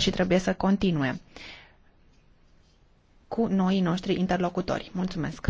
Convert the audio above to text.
și trebuie să continue cu noi noștri interlocutori. Mulțumesc!